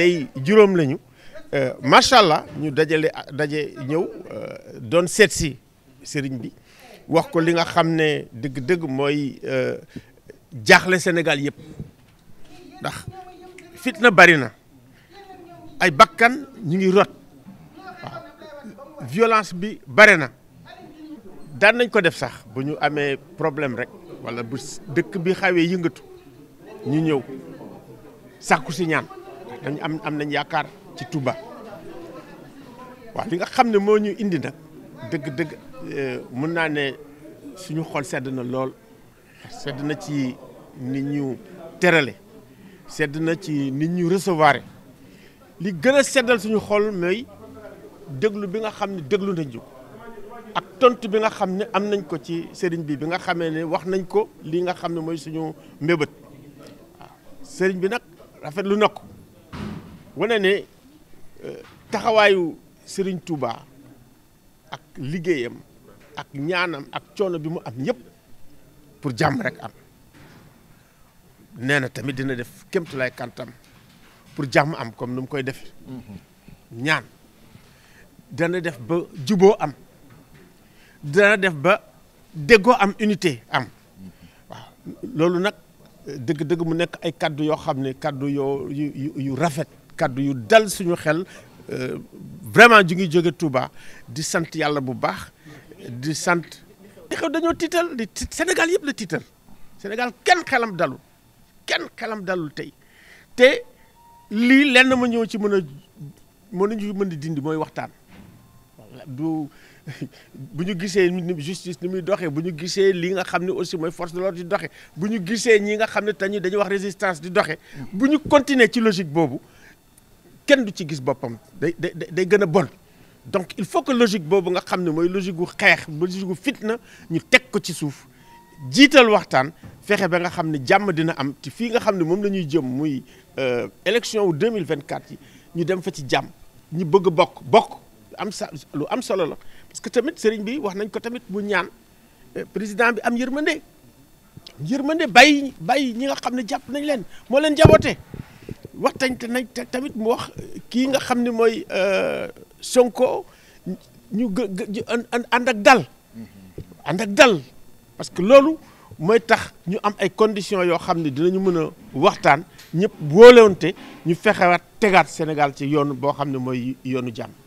tey juróom lañu euh, macha allah ñu dajale daje ñëw euh, doon seet si sëriñ bi wax ko li nga xam ne dëgg-dëgg mooy euh, jaaxle Sénégal yëpp ndax fitna bari na ay bakkan ñu ngi rot waaw violence bi bare na daan nañ ko def sax bu ñu amee problème rek walla bu dëkk bi xawee yëngatu ñu ñëw sàkku si ñaan dañ am am nañ yaakaar ci Touba waaw li nga xam ne moo ñu indi nag dëgg-dëgg euh, mun naa ne suñu xol sedd na lool sedd na ci nit ñu terale sedd na ci nit ñu recevoir li gën a seddal suñu xol mooy déglu bi nga xam ne déglu nañ ko ak tontu bi nga xam ne am nañ ko ci sëriñ bi bi nga xamee ne wax nañ ko lii nga xam ne mooy suñu mbébét sëriñ bi nag rafetlu na ko wane ne euh, taxawaayu Serigne Touba ak liggéeyam ak ñaanam ak coono bi mu am yëpp pour jàmm rek am nee na tamit dina def kémtulaay kantam pour jàmm am comme nu mu koy def ñaan dana def ba juboo am dana def ba déggoo am unité am waaw loolu nag dëgg-dëgg mu nekk ay kaddu yoo xam ne kàddu yoo yu yu rafet kàddu yu dal suñu xel euh, vraiment ju ngi jóge Touba di sant yàlla bu baax di sant li xew dañoo tiital di Sénégal yëpp la tiital Sénégal kenn xelam dalul kenn xelam dalul tey te lii lenn ma ñëw ci mën a mën ñu mën di dindi mooy waxtaan du bu ñu gisee justice ni muy doxee bu ñu gisee li nga xam ne aussi mooy force de l'ordre di doxee bu ñu gisee ñi nga xam ne te dañuy wax résistance di doxee bu ñu continuer ci logique boobu kenn du ci gis boppam day day gën a bon donc il faut que logique boobu nga xam ne mooy logique gu xeex logique gu fitna ñu teg ko ci suuf jiital waxtaan fexe ba nga xam ne jàmm dina am te fii nga xam ne moom la ñuy jëm muy euh, élection wu 2024 yi ñu dem fa ci jàmm ñu bëgg bokk bokk am sa lu am solo la parce que tamit sëriñ bi wax nañ ko tamit mu ñaan euh, président bi am yërmande yërmande bàyyi bàyyi ñi nga xam ne jàpp nañ leen moo leen jabootee wax tañ te nañ tamit mu wax kii nga xam ne mooy euh, Sonko ñu gë ànd ak dal ànd ak dal parce que loolu mooy tax ñu am ay conditions yoo xam ne dinañu mën a waxtaan ñëpp boolewante ñu fexewaat tegaat Sénégal ci yoonu boo xam ne mooy yoonu jàmm